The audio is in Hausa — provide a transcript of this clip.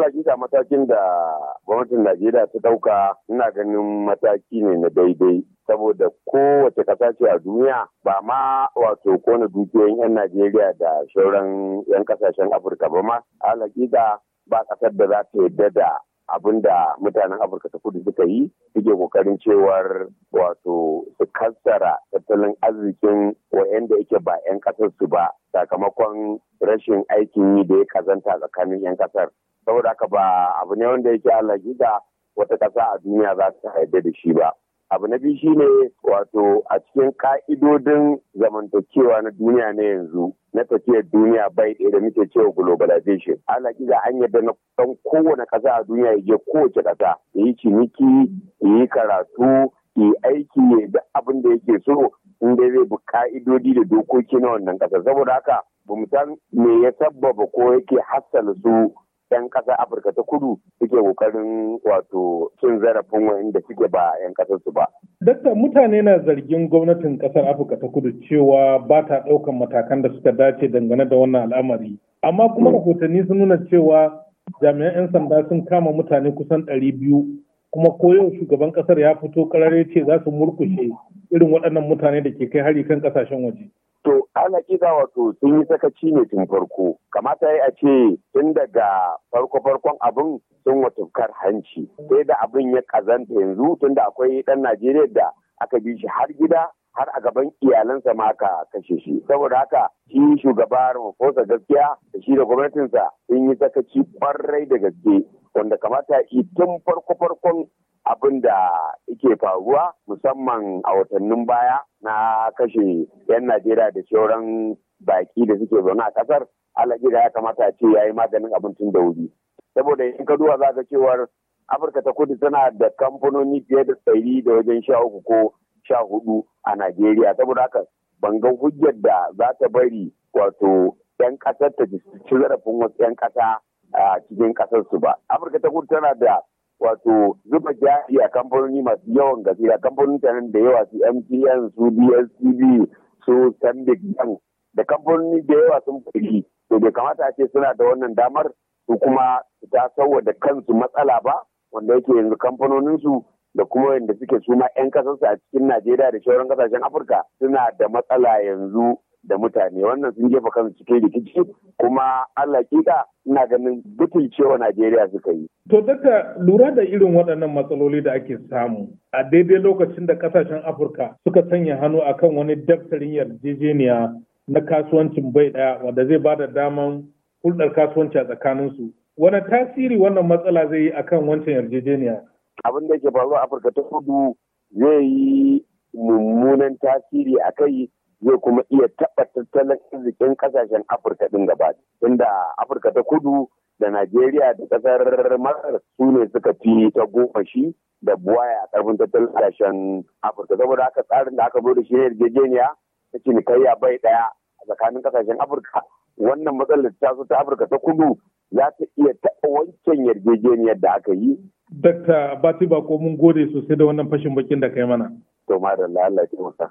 alhaƙiƙa matakin da gwamnatin Najeriya ta dauka ina ganin mataki ne na daidai saboda kowace ƙasa ce a duniya ba ma wato kona dukiyoyin 'yan Najeriya da sauran 'yan ƙasashen Afirka ba ma alhaƙiƙa ba ƙasar da za ta yadda da abin da mutanen afirka ta kudu suka yi suke kokarin cewar wato su kassara tattalin arzikin wa'anda yake ba 'yan kasar su ba sakamakon rashin aikin yi da ya kazanta tsakanin 'yan kasar saboda haka ba abu ne wanda yake alhaƙiƙa wata kasa a duniya za ta yarda da shi ba abu na biyu shine wato a cikin ka'idodin zamantakewa na duniya na yanzu na tafiyar duniya bai ɗaya da muke cewa globalization alaki ga an yadda na ɗan kowane ƙasa a duniya ya je kowace ƙasa ya yi ciniki ya yi karatu ya yi aiki ya da abin da yake so in dai zai bi ka'idodi da dokoki na wannan ƙasa saboda haka ba mu san me ya sabbaba ko yake hassala su 'yan kasar Afirka ta kudu suke kokarin wato cin zarafin wa'inda suke ba 'yan su ba. Dakta mutane na zargin gwamnatin ƙasar Afirka ta kudu cewa ba ta ɗaukan matakan da suka dace dangane da wannan al'amari. Amma kuma hmm. rahotanni sun nuna cewa jami'an 'yan sanda sun kama mutane kusan ɗari biyu kuma ko yau shugaban ƙasar ya fito ƙarar ce za su murkushe irin waɗannan mutane da ke kai hari kan ƙasashen waje. to ana kiza wato sun yi sakaci ne tun farko kamata ya a ce tun daga farko farkon abin sun watukar hanci sai da abin ya kazanta yanzu tun da akwai dan najeriya da aka bi shi har gida har a gaban iyalansa ma ka kashe shi saboda haka shi shugaba Ramaphosa gaskiya da shi da gwamnatinsa sun yi sakaci kwarai da gaske wanda kamata tun farko farkon abin da yake faruwa musamman a watannin baya na kashe 'yan Najeriya da sauran baki da suke zaune a ƙasar alaƙi ya kamata ce ya yi maganin abincin da wuri. Saboda in ka duba za ka cewar Afirka ta kudu tana da kamfanoni fiye da tsari da wajen sha uku ko sha hudu a Najeriya. Saboda haka ban ga hujjar da za ta bari wato 'yan ƙasar ta ci zarafin wasu 'yan ƙasa a cikin ƙasarsu ba. Afirka ta kudu tana da wato zuba jari a kamfanoni masu yawan gaske a kamfanin tanan da yawa su MTN su DSTV su Sandvik Bank da kamfanoni da yawa sun fadi to bai kamata a ce suna da wannan damar su kuma ta sauwa da kansu matsala ba wanda yake yanzu kamfanoninsu da kuma wanda suke suma 'yan kasarsu a cikin Najeriya da shauran kasashen Afirka suna da matsala yanzu da mutane wannan sun jefa kansu cikin rikici kuma Allah kika ina ganin cewa Najeriya suka yi. To daga lura da irin waɗannan matsaloli da ake samu a daidai lokacin da ƙasashen Afirka suka sanya hannu akan wani daftarin yarjejeniya na kasuwancin bai ɗaya wanda zai ba da daman hulɗar kasuwanci a tsakaninsu. Wani tasiri wannan matsala zai yi akan wancan yarjejeniya? Abin da ke faruwa Afirka ta kudu zai yi mummunan tasiri a kai zai kuma iya taɓa tattalin arzikin ƙasashen afirka ɗin gaba inda afirka ta kudu da najeriya da ƙasar masar su ne suka fi ta goma shi da buwaya a ƙarfin tattalin ƙasashen afirka saboda haka tsarin da aka zo da shi ne yarjejeniya ta cinikayya bai ɗaya a tsakanin kasashen afirka wannan matsalar ta ta afirka ta kudu za ta iya taɓa wancan yarjejeniyar da aka yi. Dakta Batiba ko mun gode sosai da wannan fashin bakin da kai mana. To ma da Allah ya